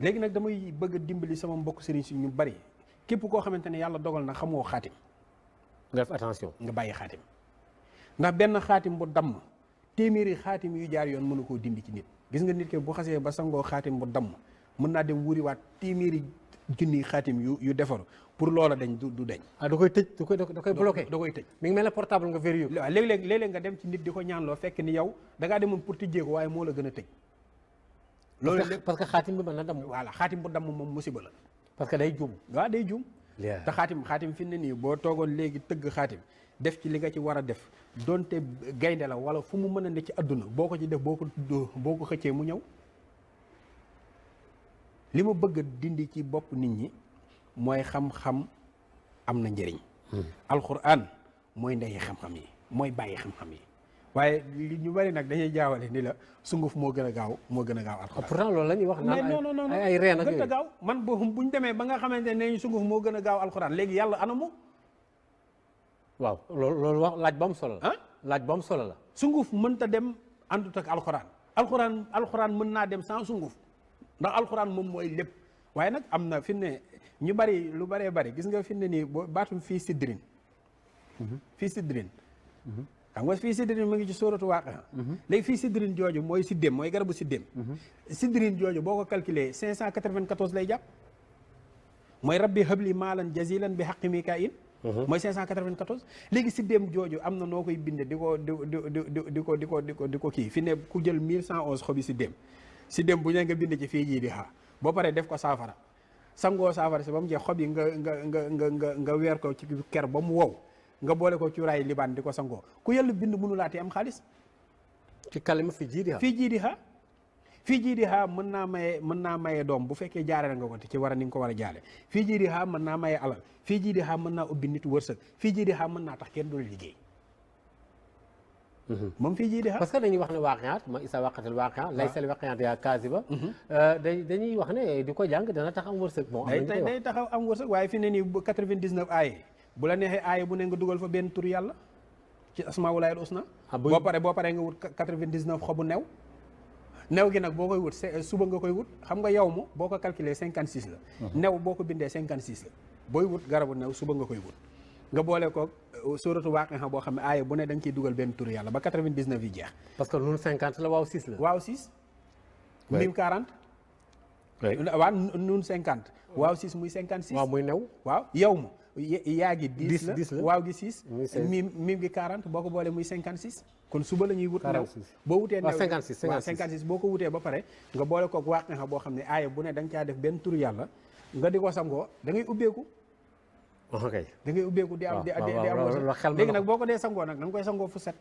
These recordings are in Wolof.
léegi nag damay bëgg a dimbali sama mbokk sëriñ si ñu bari képp koo xamante ne yàlla dogal na xamoo xaatim. nga def attention nga bàyyi xaatim. ndax benn xaatim bu damm téeméeri xaatim yu jaar yoon mënu koo dindi ci nit gis nga nit ke bu xasee ba sangoo xaatim bu damm mën naa dem wuriwaat téeméeri junni xaatim yu yu defaru pour loola dañ du du ah, da koy tëj da koy da koy bloqué da koy tëj. mi ngi mel ne portable nga verrouillé. waaw léeg-léeg léeg-léeg nga dem ci nit di ko ñaanloo fekk ni yow da ngaa demoon pour tijjee ko waaye moo la gën a tëj loolu lépp parce que xaatim bi mën na damm. voilà xaatim bu damm moom musiba la. parce que day juum. waaw day juum. te xaatim xaatim fi ne nii boo toogoon léegi tëgg xaatim def ci li nga ci war a def donte gaynde la wala fu mu mën a ne ci àdduna boo ko ci def boo ko boo ko xëccee mu ñëw. li ma bëgg dindi ci bopp nit ñi mooy xam-xam am na njëriñ. Hmm. alxuraan mooy ndeyi xam-xam yi mooy bàyyi xam-xam yi. waaye li ñu bari nag dañuy jaawale ni la sunguf moo gën a gaaw moo gën a gaaw alxuraan ah, loolu la ñuy wax naan ay ay reen gaaw man boobu bu ñu demee ba nga xamante ne sunguf moo gën a gaaw alxuraan léegi yàlla anamu waaw loolu loolu wax laaj bu am solo la laaj bu am solo la sunguf mënta dem àndut ak alxuraan alxuraan alxuraan mën naa dem sans sunguf ndax alxuraan moom mooy lépp waaye nag am na fi ne ñu bari lu baree bari gis nga fi ne nii baatum fii siddirin mhm. fii siddirin mhm. xam nga fii sidrin mu ngi ci sóoratu waaqia léegi fii sidrin jooju mooy siddéem mooy garabu siddéem sidrin jooju boo ko calculé cinq cent quatre-vingt-quatorze lay jàpp mooy rabbi habli maalan jazilan bi haqqi mikail mooy 594 léegi siddéem jooju am na noo koy binde di ko di di ko di ko di ko di ko kii fi ne ku jël cent 1111 xobi siddéem siddéem bu ne nga bind ci fii jii bi xaa boo paree def ko saafara sangoo saafara si ba mu jeex xob yi nga nga nga nga nga weer ko ci ker ba mu wow nga boole ko cuuraayu libaan di ko sangoo ku yàlla bind mënu laati am xaalis. ci kalima fii jiidiha fii jiidiha fii jiidiha mën naa maye mën naa maye doom bu fekkee jaare nga ko ci war a ni ko war a jaare fii jiidiha mën naa maye alal fii jiidiha mën naa ubbi nit wërsëg fii jiidiha mën naa tax kenn du la liggéey. Mhm. moom fii jii di parce que dañuy wax ne waaqiyaat ma isa waqatal waaqiyaat ah. laysal waaqiyaat yaa kaasiba mhm. euh, dañuy wax ne di ko jàng dana tax am wërsëg. bon day taxaw am wërsëg waaye fi ne nii bu 99 aaye bu la neexee aaya bu ne nga dugal fa benn tur yàlla ci asmaawulaayil usna ah, boo pare boo paree nga wut 99 xobu new new gi nag boo koy wut euh, suba nga koy wut xam nga yow mu boo ko calculer 56 la uh-huh. new boo ko bindee 56 la booy wut garabu new suba nga koy wut nga boole ko euh, suratu waaqiha boo xam ne aaya bu ne da nga ciy dugal benn tur yàlla ba 99 yi jeex parce que nun 50 la waaw 6 la waaw 6 mim 40 waaw nun 50 waaw 6 muy 56 waaw muy new waaw yow mu yaa gi dix la waaw gi six miim miim gi quarante boo ko boolee muy cinquante six kon suba la ñuy wut new boo wutee new ah, waaw cinquante six boo ko wutee ba pare nga boole kook waax nga xam da nga ko sangoo ubbeeku ok da ngay ubbeeku di am ah, nag boo ko dee sangoo nag da nga koy sangoo fu set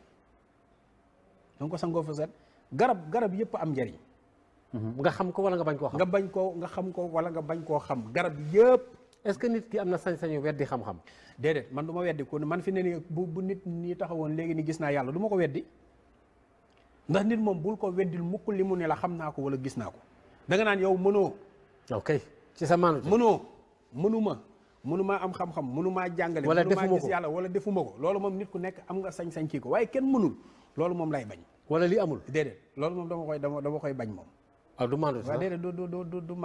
sangoo fu set garab garab yëpp am njariñ mhm. nga xam ko wala nga bañ koo xam nga bañ koo nga xam ko wala nga bañ koo xam garab yëpp est-ce que nit ki am na sañ-sañu weddi xam-xam déedéet man du ma weddi ko man fi ne nii bu bu nit ñi taxawoon léegi ni gis naa yàlla du ko weddi ndax nit moom bul ko weddil mukk li mu ne la xam naa ko wala gis naa ko da nga naan yow mënoo ok ci sa maanu mënoo mënuma mënumaa am xam-xam mënumaa jàngale wala defuma ko wala defuma ko loolu moom nit ku nekk am nga sañ-sañ kii ko waaye kenn mënul loolu moom lay bañ wala li amul déedéet loolu moom dama koy dama dama bañ moom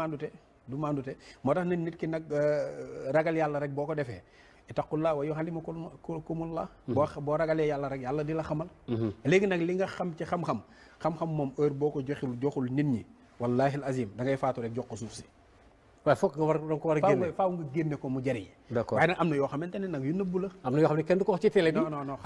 ah, du maandute moo tax nit ki nag euh, ragal yàlla rek boo ko defee li ittaqullaa wa yuallimukumullah mm-hmm. boo boo ragalee yàlla rek yàlla di la xamal mm-hmm. léegi nag li nga xam ci xam-xam xam-xam moom heure boo ko joxul nit ñi wallahi al azim faatu rek jox ko suuf si waaye foog nga a génne faaw nga génne ko mu jëriñ d'accord waaye nag am na yoo xamante ne nag yu nëbbu la am na yoo xam ne kenn du ko ci télé bi non non non